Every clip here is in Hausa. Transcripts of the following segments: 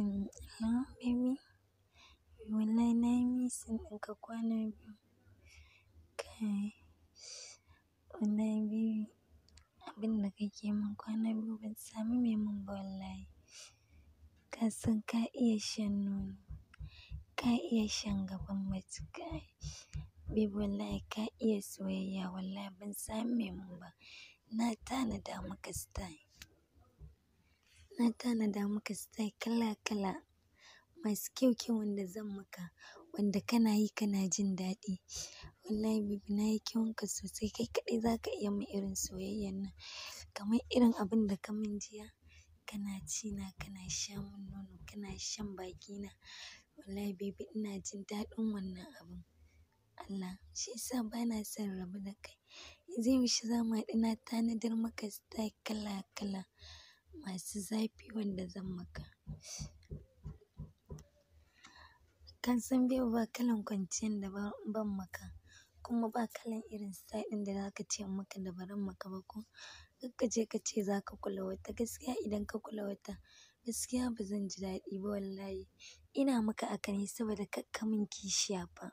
thinking hello baby wallahi nayi missing ɗinka kwana biyu kai wallahi baby abinda kake min kwana biyu ban samu mai min ba wallahi ka san ka iya shan nono ka iya shan gaban mace kai baby wallahi ka iya soyayya wallahi ban samu mai min ba na tanada maka style Na tanada maka style kala kala masu kyau kyau wanda zan maka wanda kana yi kana jin daɗi. Wallahi bibi na yi kyaunka sosai kai kaɗai za ka iya mu irin soyayyan nan. Kamar irin abin da ka min jiya kana ci na kana sha mun nono kana shan baki na Wallahi bibi ina jin daɗin wannan abin. Allah shi yasa bana son rabu da kai. Yanzu za zama haɗu na tanadar maka style kala kala. masu zafi wanda zan maka. kan san bai ba kalan kwanciyar da ban maka kuma ba kalan irin style ɗin da za ce in maka da ba maka ba ko. Kar ka je ka ce za kula wata gaskiya idan ka kula wata gaskiya ba zan ji daɗi ba wallahi. Ina maka haka ne saboda kar ka min kishiya fa.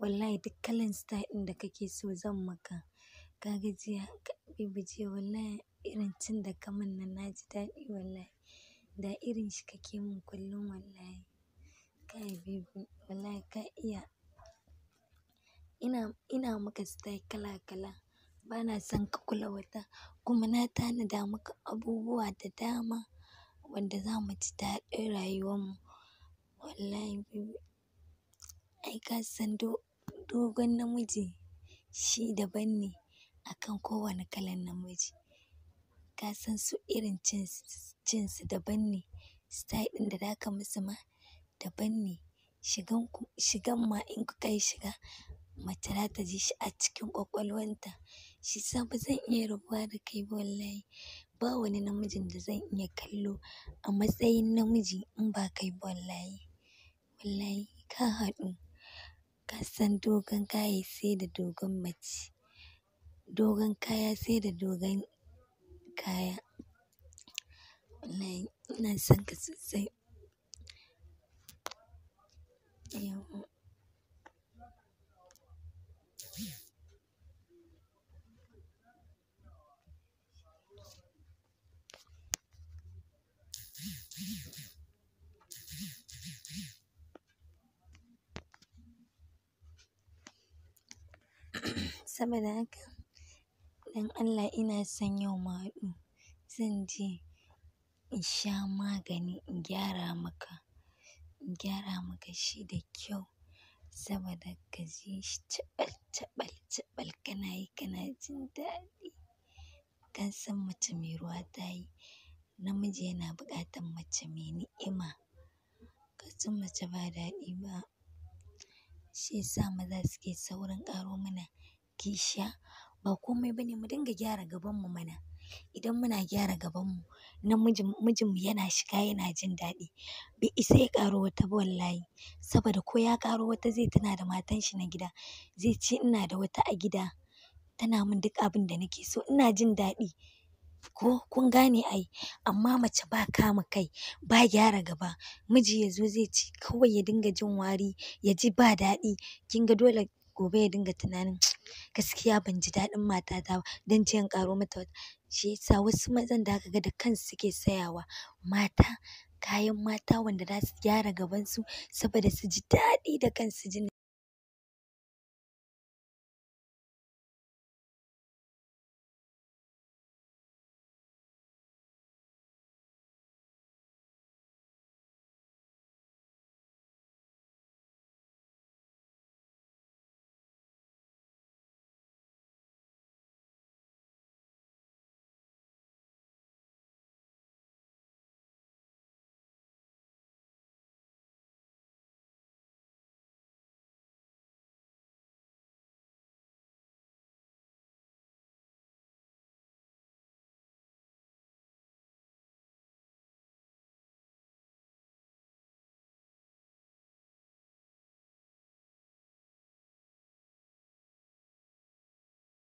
Wallahi duk kalan style ɗin da kake so zan maka. Ka gajiya ka babe jiya wallahi irin cin da ka na ji daɗi wallahi. Da irin shi kake min kullum wallahi. Kai bibi, wallahi ka iya. Ina, ina maka style kala kala. Bana son ka kula wata kuma na tanada maka abubuwa da dama wanda za mu ji daɗin rayuwar mu. Wallahi bibi. Ai ka san dogon namiji shi daban ne akan kowane kalan namiji. ka san su irin cin su daban ne, style ɗin da za ka musu ma daban ne. Shigan ma in kuka yi shiga mace za ta ji shi a cikin kwakwalwanta. Shi sabu zan iya rabuwa da kai wallahi. Ba wani namijin da zan iya kallo a matsayin namiji in ba kai wallahi. Wallahi ka haɗu, ka san dogon kaya sai da dogon mace, dogon kaya sai da dogon kaya. Wallahi ina son ka sosai. Yauwa. saboda haka Idan Allah ina son yau ma zan je in sha magani in gyara maka, in gyara maka shi da kyau saboda ka ji shi caɓal kana yi kana jin daɗi. Ka san mace mai ruwa ta yi namiji yana buƙatan mace mai ni'ima. Ka san mace ba daɗi ba, shi ya maza suke saurin ƙaro mana kishiya ba komai bane mu dinga gyara gaban mu mana. Idan muna gyara gaban mu, mijin, mijinmu yana shiga yana jin daɗi. Bai isa ya ƙaro wata ba wallahi. Saboda ko ya ƙaro wata zai tana da matan shi na gida. Zai ce ina da wata a gida, tana min duk abin da nake so, ina jin daɗi. Ko kun gane ai? Amma mace ba kama kai, ba gyara gaba. Miji yazo zai ce kawai ya dinga jin wari, ya ji ba daɗi. Kin ga dole gobe ya dinga tunanin gaskiya ban ji daɗin matata ba don je in ƙaro mata wata. Shi yasa wasu mazan da aka ga da kansu suke sayawa mata kayan mata wanda za su gyara gabansu saboda su ji daɗi da kansu jin.